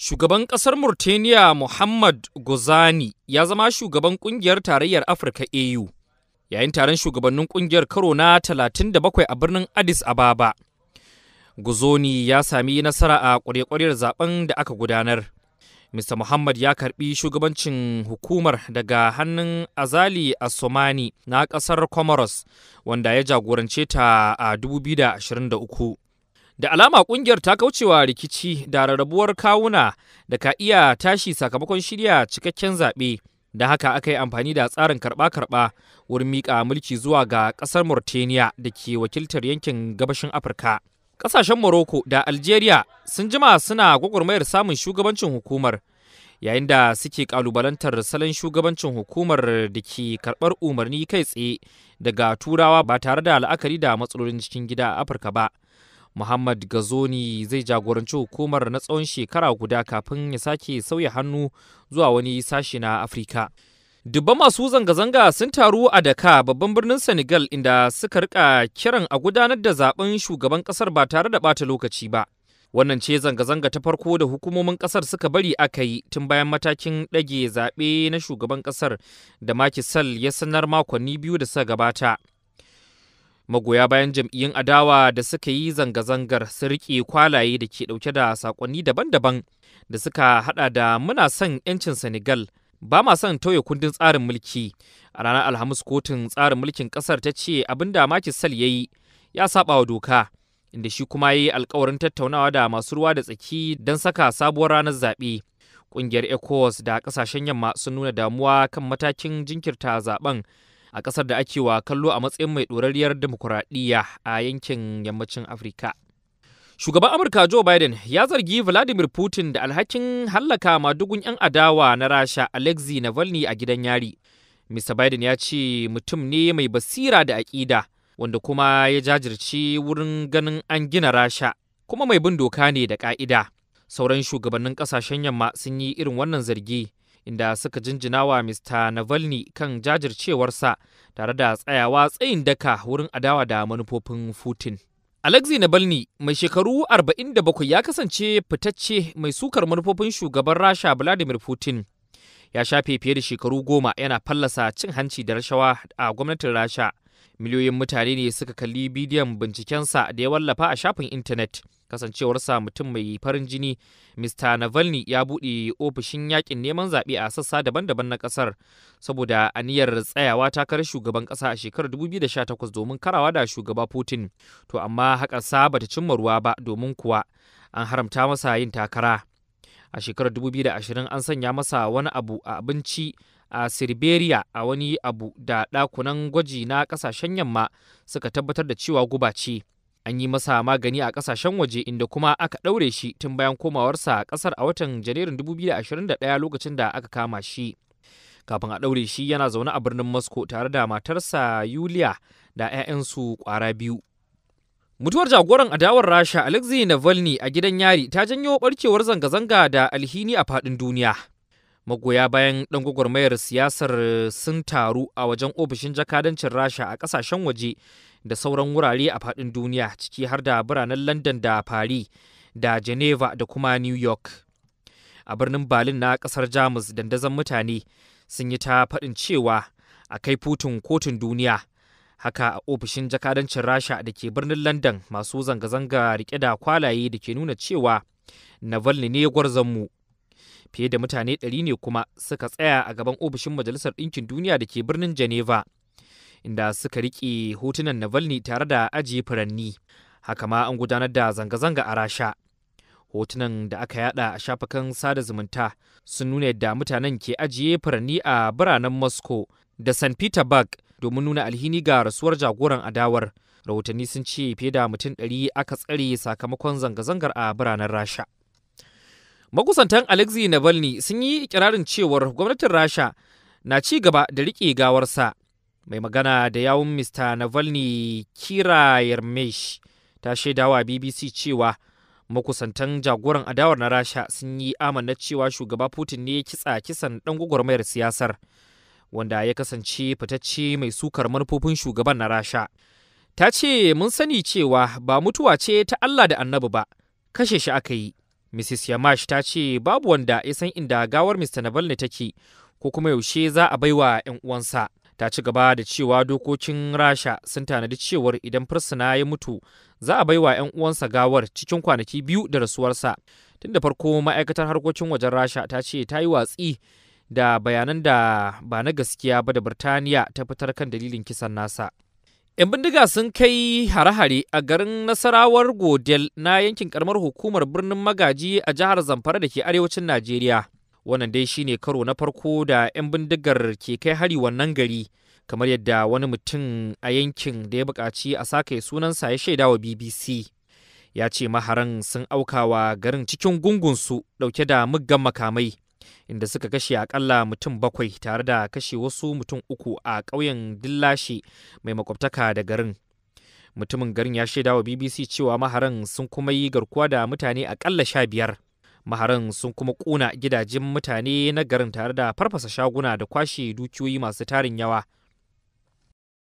Shugaban ƙasar Murtaniya Muhammad Guzani ya zama shugaban ƙungiyar tarayyar Afirka AU yayin taron shugabannin ƙungiyar karo na 37 a birnin Addis Ababa. Guzoni ya sami nasara a ƙwarya zaben da aka gudanar. Mr. Muhammad ya karbi shugabancin hukumar daga hannun Azali Asomani na ƙasar Comoros wanda ya jagorance ta a 2023. Da alama kungiyar ta kaucewa rikici da rarrabuwar kawuna da ka iya tashi sakamakon shirya cikakken zaɓe. Da haka aka yi amfani da tsarin karɓa-karɓa wurin miƙa mulki zuwa ga ƙasar Mauritania da ke wakiltar yankin gabashin Afirka. Ƙasashen Morocco da Algeria sun jima suna gwagwarmayar samun shugabancin hukumar. yayin da suke kalubalantar salon shugabancin hukumar da ke karɓar umarni kai tsaye daga turawa ba tare da la'akari da matsalolin cikin gida a afirka ba Muhammad Gazoni zai jagoranci hukumar na tsawon shekara guda kafin ya sake sauya hannu zuwa wani sashi na Afirka. Dubban masu zanga-zanga sun taru a Daka babban birnin Senegal inda suka rika kiran a gudanar da zaben shugaban kasar ba tare da bata lokaci ba. Wannan ce zanga-zanga ta farko da hukumomin kasar suka bari aka yi tun bayan matakin ɗage zaɓe na shugaban kasar da makisal ya sanar makonni biyu da suka gabata. magoya bayan jam'iyyun adawa da suka yi zanga-zangar su riƙe kwalaye da ke ɗauke da saƙonni daban-daban da suka haɗa da muna son 'yancin senegal ba ma son tauye kundin tsarin mulki a ranar alhamis kotun tsarin mulkin ƙasar ta ce abin da maki sal ya yi ya saba wa doka inda shi kuma ya yi alkawarin tattaunawa da masu ruwa da tsaki don saka sabuwar ranar zaɓe ƙungiyar ecowas da ƙasashen yamma sun nuna damuwa kan matakin jinkirta zaɓen a ƙasar da ake wa kallo a matsayin mai ɗorarriyar dimokuraɗiyya a yankin yammacin afirka shugaban amurka joe biden ya zargi vladimir putin da alhakin hallaka madugun 'yan adawa na rasha alexei navalny a gidan yari mr biden ya ce mutum ne mai basira da aƙida wanda kuma ya jajirce wurin ganin an gina rasha kuma mai bin doka ne da ƙa'ida sauran shugabannin ƙasashen yamma sun yi irin wannan zargi inda suka jinjina wa Mr. Navalny kan jajircewarsa tare da tsayawa tsayin daka wurin adawa da manufofin Putin. Alexei Navalny mai shekaru 47 ya kasance fitacce mai sukar manufofin shugaban Rasha Vladimir Putin. Ya shafe fiye da shekaru goma yana fallasa cin hanci da rashawa a gwamnatin Rasha. Miliyoyin mutane ne suka kalli bidiyon bincikensa da ya wallafa a shafin intanet. kasancewarsa mutum mai farin jini mr navalny ya buɗe ofishin yakin neman zaɓe a sassa daban-daban na ƙasar saboda aniyar tsayawa takarar shugaban ƙasa a shekarar 2018 domin karawa da shugaba putin to amma haka sa bata cimma ruwa ba domin kuwa an haramta masa yin takara a shekarar 2020 an sanya masa wani abu a abinci a siberia a wani abu da ɗakunan gwaji na ƙasashen yamma suka tabbatar da cewa guba ce an yi masa magani a kasashen waje inda kuma aka ɗaure shi tun bayan komawarsa a ƙasar a watan janairun 2021 lokacin da aka kama shi kafin a ɗaure shi yana zaune a birnin moscow tare da matarsa yuliya da 'ya'yansu ƙwara biyu mutuwar jagoran adawar rasha alexei navalny a gidan yari ta janyo barkewar zanga-zanga da alhini a faɗin duniya magoya bayan ɗan gwagwarmayar siyasar sun taru a wajen ofishin jakadancin rasha a ƙasashen waje da sauran wurare a faɗin duniya ciki har da biranen london da paris da geneva da kuma new york a birnin berlin na ƙasar jamus dandazon mutane sun yi ta faɗin cewa a kai futun kotun duniya haka a ofishin jakadancin rasha da ke birnin london masu zanga-zanga rike da kwalaye da ke nuna cewa navalny ne mu?" fiye da mutane ɗari ne kuma suka tsaya a gaban ofishin majalisar ɗinkin duniya da ke birnin geneva inda suka riƙe hotunan Navalny tare da ajiye furanni. Haka ma an gudanar da zanga-zanga a Rasha. Hotunan da aka yada a shafukan sada zumunta sun nuna yadda mutanen ke ajiye furanni a biranen Moscow da St. Petersburg domin nuna alhini ga rasuwar jagoran adawar. Rahotanni sun ce fiye da mutum ɗari aka tsare sakamakon zanga-zangar a biranen Rasha. Makusantan Alexei Navalny sun yi ikirarin cewar gwamnatin Rasha na ci gaba da riƙe gawarsa mai magana da yawun mr navalny kira yarmesh ta shaidawa bbc cewa makusantan jagoran adawar na rasha sun yi amana cewa shugaba putin ne ya kitsa kisan dan gwagwarmayar siyasar wanda ya kasance fitacce mai sukar manufofin shugaban na rasha ta ce mun sani cewa ba mutuwa ce ta allah da annabi ba kashe shi aka yi mrs yamash ta ce babu wanda ya san inda gawar mr navalny take ko kuma yaushe za a baiwa 'yan uwansa ta ci gaba da cewa dokokin rasha sun tanadi cewar idan fursuna ya mutu za a baiwa 'yan uwansa gawar cikin kwanaki biyu da rasuwarsa tun da farko ma'aikatar harkokin wajen rasha ta ce ta yi watsi da bayanan da ba na gaskiya ba da birtaniya ta fitar kan dalilin kisan nasa 'yan bindiga sun kai hare-hare a garin nasarawar godel na yankin karamar hukumar birnin magaji a jihar zamfara da ke arewacin najeriya wannan dai shine karo na farko da 'yan bindigar ke kai hari wannan gari kamar yadda wani mutum a yankin da ya buƙaci a sake sunansa ya shaida wa bbc ya ce maharan sun aukawa garin cikin gungunsu ɗauke da muggan makamai inda suka kashe akalla mutum bakwai tare da kashe wasu mutum uku a ƙauyen dillashe mai makwabtaka da garin mutumin garin ya shaida wa bbc cewa maharan sun kuma yi garkuwa da mutane aƙalla sha biyar maharan sun kuma kuna gidajen mutane na garin tare da farfasa shaguna da kwashe dukiyoyi masu tarin yawa